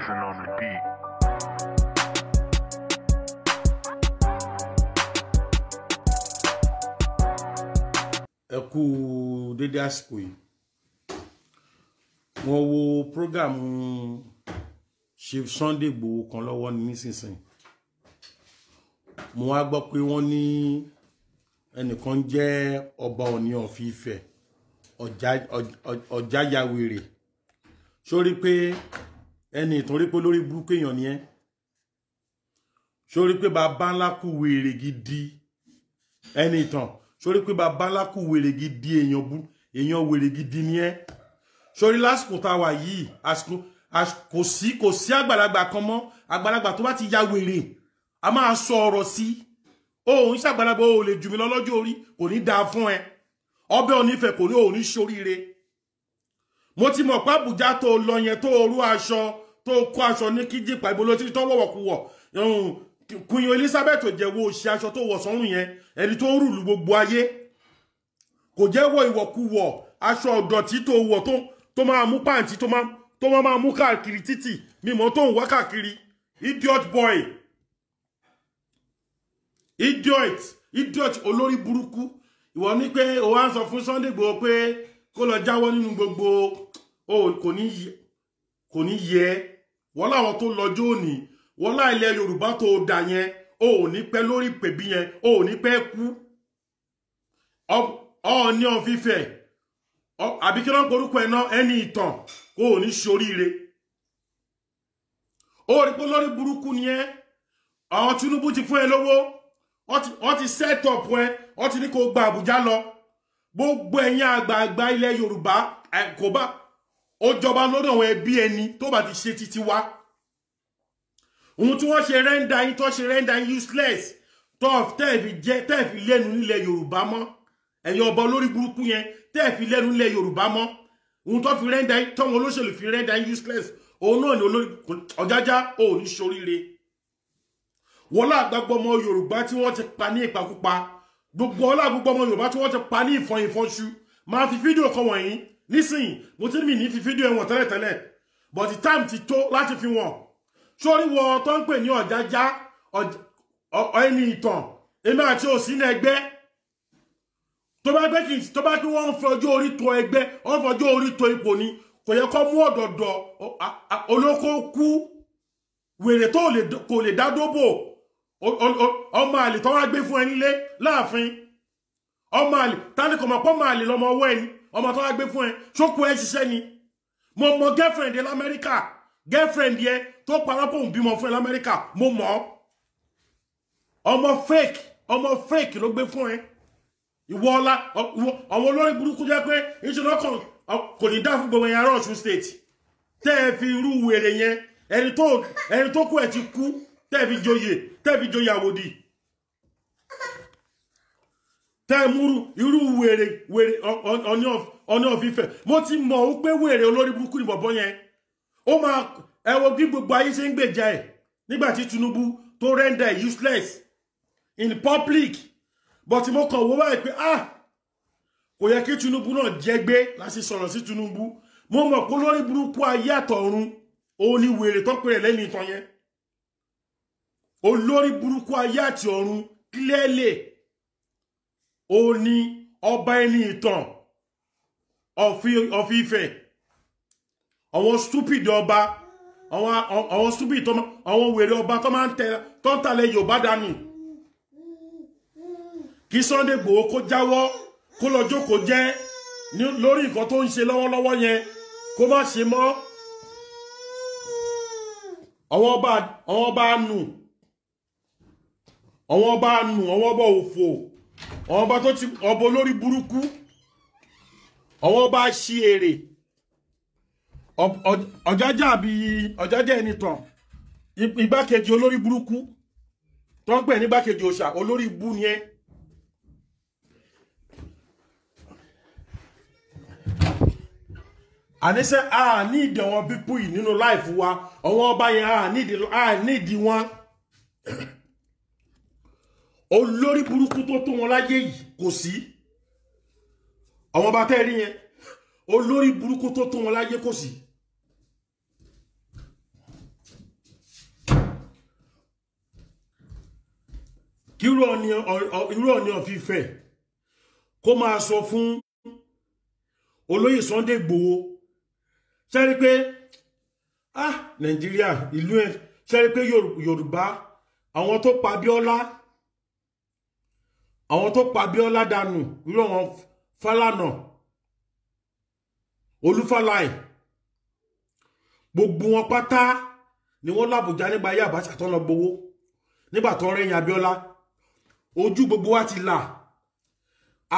Johnson on the beat. ẹ kú dédé àsìkò yìí wọ́n wo program Chief Sunday Igboho kan lọ́wọ́ ní nísinsìnyí mo wá gbọ́ pé wọ́n ní ẹnìkan jẹ́ ọba Ọọ̀ni of Ifẹ̀ ọ̀jáyàwèrè sórí pé ẹni ìtàn rí pé lórí burúkú èèyàn ni ẹ sórí pé bàbá ńlá kù wèrè gidi ẹni ìtàn sórí pé bàbá ńlá kù wèrè gidi èèyàn bú èèyàn wèrè gidi ni ẹ sórí lásìkò tá a wà yìí àsìkò kò sí kò sí àgbàlagbà kan mọ́ àgbàlagbà tó bá ti ya wèrè a máa sọ ọ̀rọ̀ sí o ò ń ṣàgbàlagbà o ò lè jù mí lọ lọ́jọ́ orí kò ní dáa fún ẹ ọbẹ̀ onífẹ̀ kò ní òun ní ṣoríire mo ti mọ̀ pé àbújá tó lọ yẹn tó rú aṣọ tó kó aṣọ ní kíjìpá ibo ló ti tọ́ wọ̀wọ̀kuwọ̀ Queen Elizabeth ò jẹ́ wo ṣe aṣọ tó wọ̀ sọ́run yẹn ẹni tó ń rùlù gbogbo ayé kò jẹ́ wọ ìwọ̀kuwọ̀ aṣọ ọ̀dọ̀tí tó wọ̀ tó máa mú pàǹtí tó máa máa mú káàkiri títì mímọ́ tó ń wá káàkiri idiot boy idiot idiot olórí burúkú ìwọ ní pé o wá ń sọ fún Sunday Igboho pé kó lọ jáwọ́ nínú gbogbo kò ní yẹ wọ́n láwọn tó lọ́jọ́ òní wọ́n láì ilẹ̀ yorùbá tó dà yẹn o ò ní pẹ́ lórí pèbí yẹn o ò ní pẹ́ kú ọ̀ọ́ni ọ̀fífẹ́ àbí kí wọ́n porúkọ ẹ̀ náà ẹni ìtàn kó o ní ṣoríire ó rí pé lórí burúkú ni ẹ àwọn Tinubu ti fún ẹ lówó wọ́n ti set ẹ wọ́n ti ní kó gba Àbújá lọ gbogbo ẹ̀yin àgbààgbà ilẹ̀ yorùbá kò bá ó jọba lórí àwọn ẹbí ẹni tó bá ti ṣe títí wá ohun tí wọ́n ṣe rẹ́ńdà yín tó ṣe rẹ́ńdà yín useless tọ́ọ̀f tẹ́ẹ̀fì jẹ́ tẹ́ẹ̀fì lẹ́nu nílẹ̀ yorùbá mọ́ ẹ̀yin ọba olórí burúkú yẹn tẹ́ẹ̀fì lẹ́nu nílẹ̀ yorùbá mọ́ ohun tó fi rẹ́ńdà yín tọ́wọn olóṣèlú fi rẹ́ńdà yín useless òun náà ni olórí ọ̀jájá òun ní ṣoríire wọlá àgbàgbọ́ ọmọ yorùbá tí wọ́n ti pa ní ìpakúpa gbogbo ọlá àgbàgbọ́ ọmọ yorùbá tí wọ́n ti pa ní ìfọ̀yìnfọ̀ṣu máa fi fídíò kan wọ̀nyí nísìnyí mo ti mì ní fi fídíò ẹ̀wọ̀n tẹ́lẹ̀tẹ́lẹ̀ but the time ti tó láti fi wọ̀n sórí wọ tó ń pè ní ọ̀jájá ẹni ìtàn èmi àti òsì ní ẹgbẹ́ tó to gbé kì í tó bá pé wọ́n ń fọjọ́ orí tó ẹgbẹ́ wọ́n ń fọjọ́ orí tó ipò ni kò yẹ kó mú ọ̀dọ̀dọ̀ olóko kú wèrè tó kò lè dá dóbò ọmọ àlè tó wá gbé fún ẹni lé láàfin ọmọ àlè tani kò mọ̀ pọ́ ọmọ àlè lọ́mọ ọwọ́ ẹni ọmọ tó wá gbé fún ẹ ṣókò ẹ ṣiṣẹ́ ni mo mọ girlfriend ẹ lamẹ́ríkà girlfriend yẹ tó parọ́ pòun bímọ fún ẹ lamẹ́ríkà mo mọ̀ ọmọ fake ọmọ fake ló gbé fún ẹ ìwọ ọlá àwọn olórí burúkú jẹ́ pé ìṣúná kan kò ní dá fún gbogbo ẹ̀yà rọ́ọ̀ṣù state tẹ́ ẹ fi irú wèrè yẹn ẹni tó kú ẹ ti kú tẹ́ ẹ fi joyè tẹ́ ẹ fi joyè àwòdì tẹ́ ẹ múrú irú wèrè wèrè ọ̀ní ọ̀fífẹ́ mo ti mọ̀ ó pé wèrè olórí burúkú ni bọ̀bọ́ yẹn ó máa ẹ bí gbogbo ayé ṣe ń gbèjà ẹ̀ nígbà tí Tinubu tó rẹ́ndà ẹ̀ useless in public but mo kàn wọ́n báyìí pé ah kò yẹ kí Tinubu náà jẹ́gbé láti sọ̀rọ̀ sí Tinubu mo mọ̀ pé olórí burúkú ayé àtọ̀run òun ni wèrè tó pèrè lẹ́nu ìtàn yẹn olórí burúkú ayé àti ọ̀run clearly ó ní ọba ẹni ìtàn of Ifẹ̀ àwọn stupid ọba àwọn stupid àwọn wèrè ọba tó máa ń tẹ tó ń tàlẹ̀ Yorùbá dànù kí Sunday Igboho kó jáwọ́ kó lọ jókòó jẹ́ lórí nǹkan tó ń ṣe lọ́wọ́lọ́wọ́ yẹn kó má ṣe mọ́ àwọn ọba ànù àwọn ọba ànù àwọn ọba òfò ọba tó ti ọba olórí burúkú ọwọ́ bá ṣí èrè ọ̀jájà àbí ọ̀jájà ẹni tàn igbákejì olórí burúkú tó ń pè ní igbákejì òṣà olórí bú ni ẹ́ àníṣe a níìdì àwọn pípú yìí nínú láìfù wa àwọn ọba yẹn a níìdì wọn olórí burúkú tó tó wọn láyé yìí kò sí àwọn bá tẹ́ rí yẹn olórí burúkú tó tó wọn láyé kò sí. kí irú ọ̀ni ọ̀fi fẹ́ kó máa sọ fún olóyè Sunday Igboho ṣẹ́rí pé ah Nàìjíríà ìlú ẹ̀ ṣẹ́rí pé Yorùbá àwọn tó pa Abíọ́lá àwọn tó pa Abíọ́lá dànù irú àwọn Fálànà Olúfálàì gbogbo wọn pátá ni wọ́n làbújá nígbà ayé Abacha tó lọ gbowó nígbà tó rẹ̀yìn Abíọ́lá ojú gbogbo wa ti là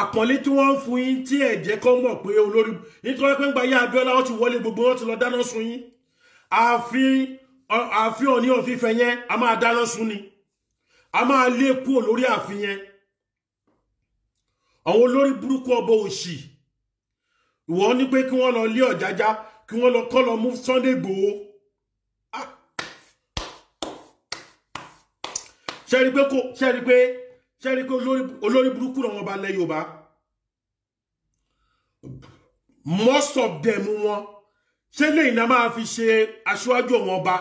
àpọ́nlé tí wọ́n ń fún yín tí ẹ jẹ́ kó mọ̀ pé olórí nítorí pé ń gba ayé Abíọ́lá wọ́n ti wọlé gbogbo wọn ti lọ dáná sun yín ààfin ààfin òní òfin fẹ yẹn a máa dáná sun ni a máa lé kúrò lórí ààfin yẹn àwọn olórí burúkú ọbọ òṣì ìwọ ní pé kí wọ́n lọ lé ọ̀jájá kí wọ́n lọ kọ́ lọ mú Sunday Igboho ah! ṣẹ́rí pé kò ṣẹ́rí pé ṣẹ́rí pé olórí burúkú náà wọ́n bá lẹ́ Yorùbá most of them wọn ṣé lẹ́yìn náà máa fi ṣe aṣáájú wọn ọba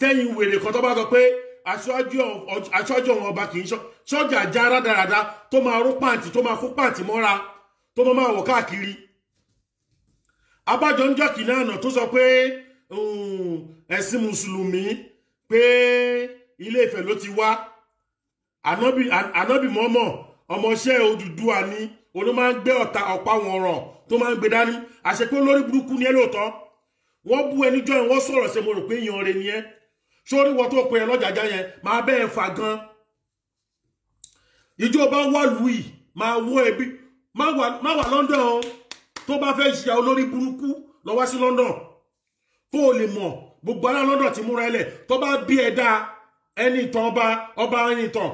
tẹ́yìn wèrè kan tó bá sọ pé aṣọ́jú ọ̀hún ọba kì í ṣọ́jà já rádaràda tó máa ró pàǹtì tó máa fún pàǹtì mọ́ra tó máa máa wọ̀ káàkiri abájọ ń jọ́kì náà nà tó sọ pé ẹ̀sìn mùsùlùmí pé ilé Ifẹ̀ ló ti wá ànábì mọ́mọ́ ọmọọṣẹ́ Odùduwà ni olú máa ń gbé ọ̀tá ọ̀pá wọn ràn tó máa ń gbé dání àṣepé olórí burúkú ni ẹ lóòótọ́ wọ́n bú ẹni jọ́ wọ́n sọ̀rọ̀ ṣe rò pé yan ni ẹ́ sórí wọ́n tó pe ẹ lọ́jàjá yẹn máa bẹ́ẹ̀ fà gan ìjọba wà lùí máa wọ ẹbí má wà London o tó bá fẹ́ ṣìyà olórí burúkú lọ wá sí London kó o lè mọ̀ gbogbo ará London ti múra ẹlẹ̀ tó bá bí ẹ dáa ẹni ìtàn ọba ọba ẹni ìtàn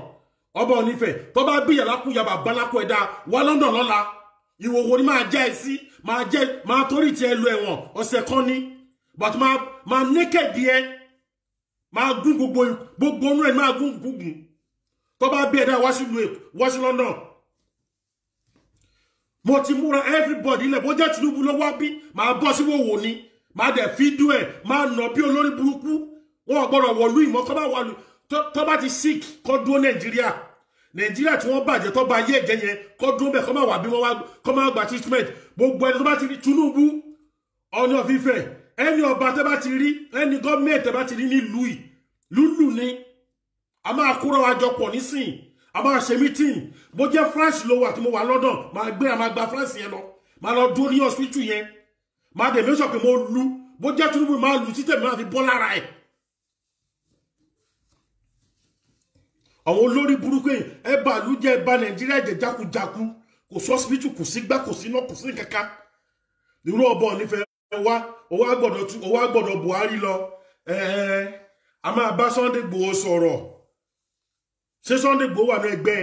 ọba onífẹ̀ tó bá bí yàrá kú yàrá ẹ dáa wá London lọ́la ìwòwò ni máa jẹ́ ẹ sí máa jẹ́ máa torí tiẹ̀ lu ẹ̀wọ̀n ọ̀sẹ̀ kan ní but máa máa nékèdì ẹ máa gún gbogbo gbogbo inú ẹ̀ máa gún gbùgbùn tó bá bí ẹ̀dá wá sí ìlú èkó wá sí London mo ti múra everybody ilẹ̀ bó jẹ́ Tinubu ló wá bí máa bọ́ sí wòwò ni máa dẹ̀ fídíò ẹ̀ máa nà bí olórí burúkú wọn gbọ́dọ̀ wọ̀lú ìmọ̀ kọ́ bá wọ̀lú tó bá ti sick kọ́ dúró Nàìjíríà nàìjíríà tí wọ́n bàjẹ́ tó ba ayé ẹ̀jẹ̀ yẹn kó dúró bẹ́ẹ̀ kó má wà bí wọ́n wá kó má gba treatment gbogbo ẹni tó bá ti rí Tinubu ọ̀nà fífẹ́ ẹni ọba tẹ bá ti rí ẹni gọ́ọ̀mẹ̀ntì tẹ bá ti rí nílùú yìí lúlù ni a máa kúrò àjọ pọ̀ nísìnyí a máa ṣe mítìn bó jẹ́ France ló wà tí mo wà London máa gbéra máa gba France yẹn lọ máa lọ dúró ní hospital yẹn máa dẹ̀ mẹ́sàn pé mo lu bó jẹ́ Tinubu máa lu títẹ̀ mi máa fi bọ́ lára ẹ̀. àwọn olórí burúkú yìí ẹ bà lú jẹ́ ẹ bà Nàìjíríà jẹ́ jákujáku kò sí hospital kò sí gbá kò sí náà kò sí kankan irú ọbọ nífẹ̀ẹ́ wá ó wá gbọ́dọ̀ ó wá gbọ́dọ̀ Buhari lọ a máa bá Sunday Igboho sọ̀rọ̀ ṣé Sunday Igboho wà ní ẹgbẹ́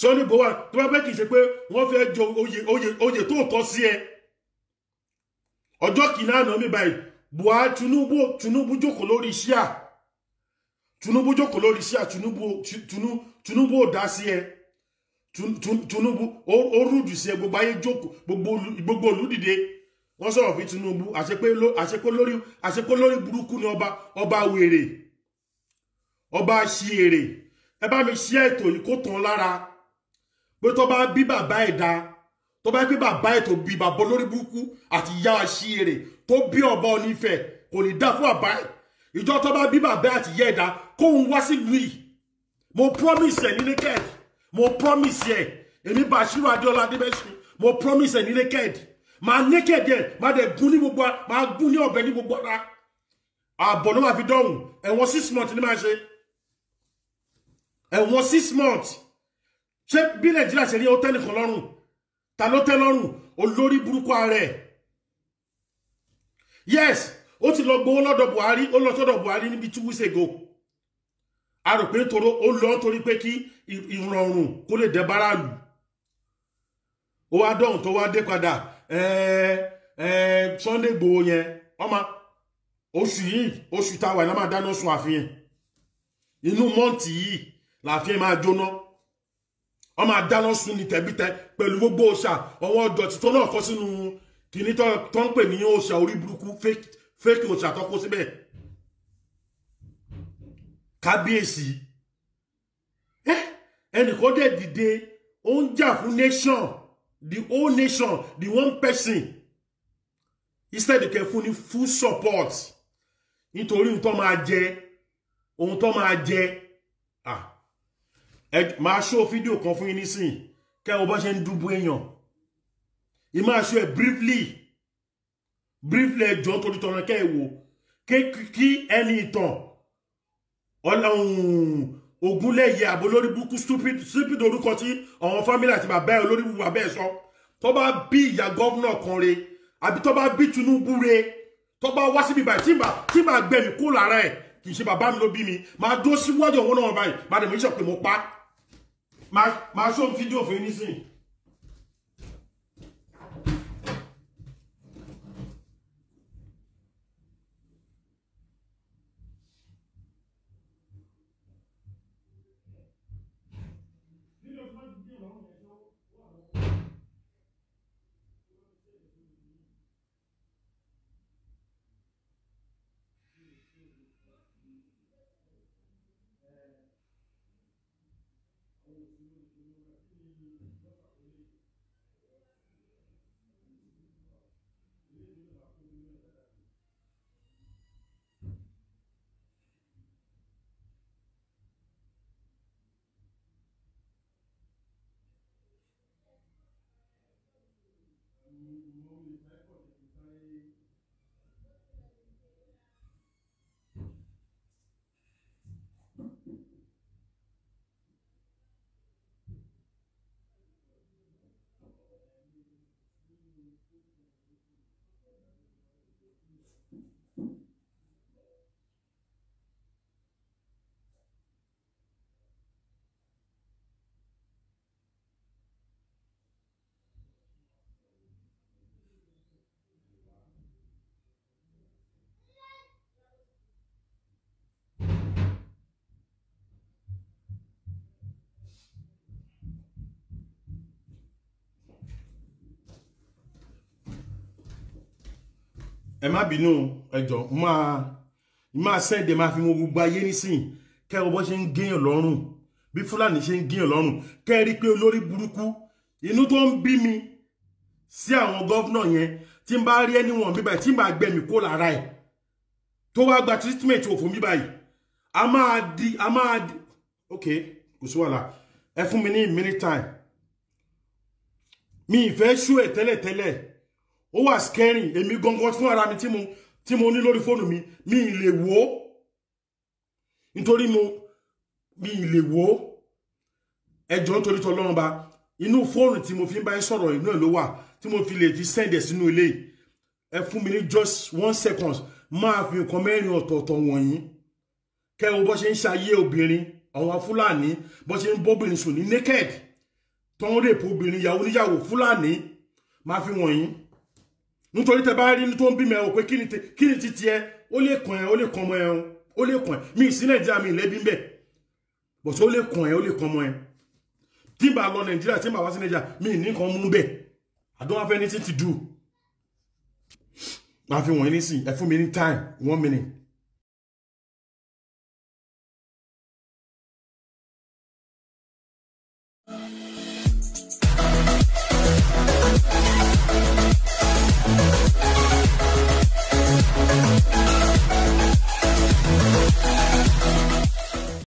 Sunday Igboho wà tó bá bẹ́ẹ̀ kì í ṣe pé wọ́n fẹ́ jọ oyè oyè oyè tó tọ́ sí ẹ ọjọ́ kìíní àná mi báyìí Buhari Tinubu Tinubu jókòó lórí iṣẹ́ à Tinubu jókòó lórí iṣẹ́ à Tinubu Tinubu ò dá sí ẹ. Tinubu ó rúdù sí ẹ gbogbo ayé jókòó gbogbo olùdìde wọ́n sọ̀rọ̀ fi Tinubu àṣepé lórí burúkú ni ọba ọba wèrè ọba ṣi èrè ẹ bá mi ṣí ètò yìí kó tán lára pé tó bá bí bàbá ẹ̀ dáa tó bá gbé bàbá ẹ̀ tó bí bàbá olórí burúkú àti ìyá ṣi èrè tó bí ọba onífẹ̀ kò ní dá fún bàbá ẹ̀ ìjọ tó bá bí bàbá àti ìyá ẹ̀ dáa kóun wá sí lùí mo promise ẹ̀ nílé kẹ́ẹ̀kì mo promise yẹ èmi Bashiru Adéọlá Adébẹ́sù mo promise ẹ ní naked máa naked yẹ máa dẹ̀ gún ní gbogbo máa gún ní ọ̀bẹ ní gbogbo ra. ààbọ̀ ló máa fi dọ̀hùn ẹ̀wọ̀n six months ni máa ṣe ẹ̀wọ̀n six months ṣé bí Nàìjíríà ṣe ní ó tẹ́ nìkan lọ́rùn ta ló tẹ́ lọ́rùn olórí burúkú ààrẹ yes ó ti lọ gbowó lọ́dọ̀ Buhari ó lọ sọ́dọ̀ Buhari níbi two weeks ago a rò pé nítorí ó lọ nítorí pé kí ìrọ̀rùn kó lè dẹ́bára lù ó wá dọ̀hùn tó wá dé padà Sunday Igboho yẹn ọmọ oṣù yìí oṣù táwa ẹ̀ náà máa dáná sun àfihàn inú mọ́ǹtì yìí làfihàn máa jóná ọmọ àdáná sun ní tẹ̀bítẹ̀ pẹ̀lú gbogbo òòṣà ọwọ́ ọ̀dọ̀tí tó náà kọ́ sínú kìíní tó ń pè ní òòṣà orí burúkú fake òòṣà tó kó síbẹ̀ kábíyèsí ẹ́ ẹnìkan dẹ̀ dìde ó ń jà fún nation the whole nation the one person instead kẹ́ fún ní full support nítorí ohun tó máa jẹ ohun tó máa jẹ máa ṣó fídíò kan fún yín nísìnyí kẹ́wọ́n bá ṣe ń dúbú èèyàn ì máa ṣó ẹ̀ briefly briefly ẹjọ́ torí tọ̀nà kẹ́ ẹ̀ wò kí ẹni ìtàn ọlọ́run ogunléyè àbò lórí buku stupid stupid orúkọ tí àwọn fámílì àti bàbá ẹ olórí búburú bàbá ẹ sọ tó bá bí ìyá gọ́vnà kan re àbí tó bá bí Tinubu re tó bá wá síbi báyìí tí màá gbẹ̀mí kó lára ẹ̀ kì í ṣe bàbá mi lo bí mi do si síwájú òun náà báyìí Ma de mí sọ pé mo pa ma ṣó fídíò fún yín nísìnyí. ẹ má bínú ẹjọ máa máa sẹ́ẹ̀dẹ̀ máa fi wọn gbogbo ayé nísìn kẹ́rọ bọ́ ṣe ń gẹ́yàn lọ́rùn bí fúlàní ṣe ń gẹ́yàn lọ́rùn kẹ́rí pé olórí burúkú inú tó ń bí mi sí àwọn gọ́vnà yẹn tí n bá rí ẹni wọn bíbáyìí tí n bá gbẹ̀mí kó lára ẹ̀ tó wá gba treatment òfò mi báyìí a máa di a máa di ok kò sí wàhálà ẹ fún mi ní minute time mi ìfẹ́ ṣú ẹ̀ tẹ́lẹ̀tẹ́lẹ̀ ó wà skẹ́rìn èmi gangan fún ara mi tí mo tí mo ní lórí fóònù mi mi ì lè wò ó nítorí mo mi ì lè wò ó ẹjọ́ nítorí tó lọ́rùn ba inú fóònù tí mo fi ń bá yín sọ̀rọ̀ inú ẹ̀ ló wà tí mo fi lè fi sẹ́ǹdẹ̀ sínú ilé ẹ fún mi ní just one second máa fi nǹkan mẹ́rin ọ̀tọ̀ọ̀tọ̀ wọ̀nyí kẹ́ wo bó ṣe ń ṣayé obìnrin àwọn fúlàní bó ṣe ń bóbìnrin sùn ní naked tó ń rèpò obìnrin yàwó níyàwó fúlàní máa fi wọ̀nyí nítorí tẹ bá rí tó ń bímọ ẹ o pé kí ni ti tiẹ ó lè kàn ẹ ó lè kàn ọmọ ẹ ó lè kàn ẹ mi sí nàìjíríà mi ìlẹ́bí ń bọ̀tí ó lè kàn ẹ ó lè kàn ọmọ ẹ tí bá lọ nàìjíríà tí bá wá sí nàìjíríà mi ní nǹkan mú bẹ̀ I don't have anything to do máa fi wọ̀nyí nísìn ẹ fún mi ní time one minute.